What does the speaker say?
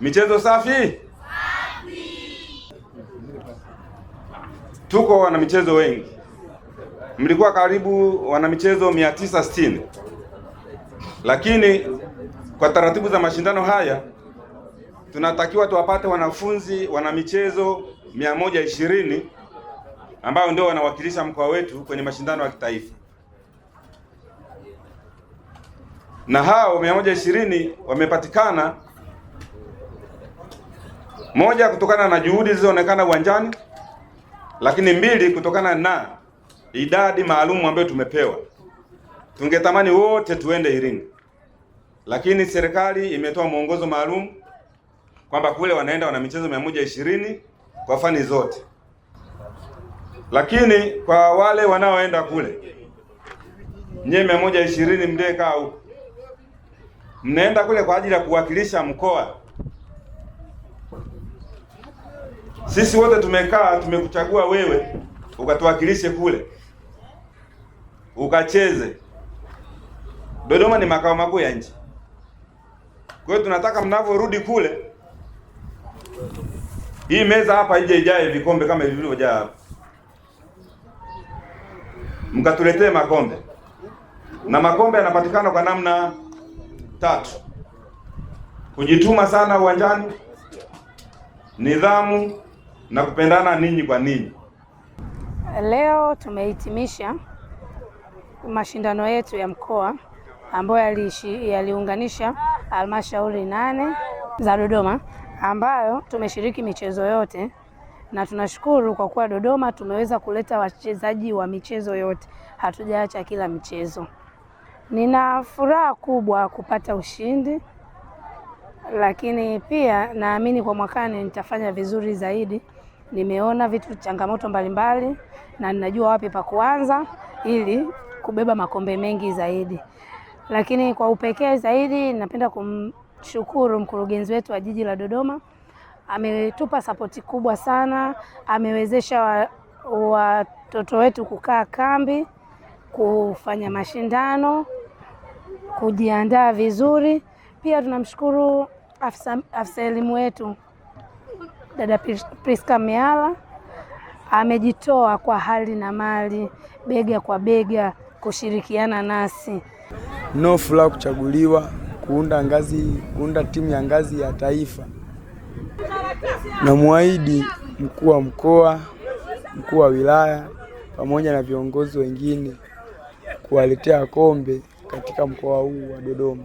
Michezo safi? Safi. Tuko wana michezo wengi. Mlikuwa karibu wana michezo 960. Lakini kwa taratibu za mashindano haya tunatakiwa tuwapate wanafunzi wana michezo 120 ambao ndio wanawakilisha mkoa wetu kwenye mashindano ya kitaifa. Na hao 120 wamepatikana moja, kutokana na juhudi zilizoonekana uwanjani, lakini mbili, kutokana na idadi maalumu ambayo tumepewa. Tungetamani wote tuende Iringa, lakini serikali imetoa mwongozo maalum kwamba kule wanaenda wana michezo mia moja ishirini kwa fani zote, lakini kwa wale wanaoenda kule nyewe mia moja ishirini mdekaa huko, mnaenda kule kwa ajili ya kuwakilisha mkoa Sisi wote tumekaa tumekuchagua wewe ukatuwakilishe kule, ukacheze. Dodoma ni makao makuu ya nchi, kwa hiyo tunataka mnavyorudi kule, hii meza hapa ije ijae vikombe kama hivi vilivyojaa hapa, mkatuletee makombe, na makombe yanapatikana kwa namna tatu: kujituma sana uwanjani, nidhamu na kupendana ninyi kwa ninyi. Leo tumehitimisha mashindano yetu ya mkoa ambayo yaliunganisha halmashauri nane za Dodoma ambayo tumeshiriki michezo yote na tunashukuru kwa kuwa Dodoma tumeweza kuleta wachezaji wa michezo yote, hatujaacha kila michezo. Nina furaha kubwa kupata ushindi, lakini pia naamini kwa mwakani nitafanya vizuri zaidi nimeona vitu changamoto mbalimbali mbali, na ninajua wapi pa kuanza ili kubeba makombe mengi zaidi. Lakini kwa upekee zaidi napenda kumshukuru mkurugenzi wetu wa jiji la Dodoma, ametupa sapoti kubwa sana, amewezesha watoto wa wetu kukaa kambi, kufanya mashindano, kujiandaa vizuri. Pia tunamshukuru afisa elimu wetu dada Priska Meala amejitoa kwa hali na mali, bega kwa bega, kushirikiana nasi. No furaha kuchaguliwa kuunda ngazi, kuunda timu ya ngazi ya taifa, na muahidi mkuu wa mkoa, mkuu wa wilaya pamoja na viongozi wengine kuwaletea kombe katika mkoa huu wa Dodoma.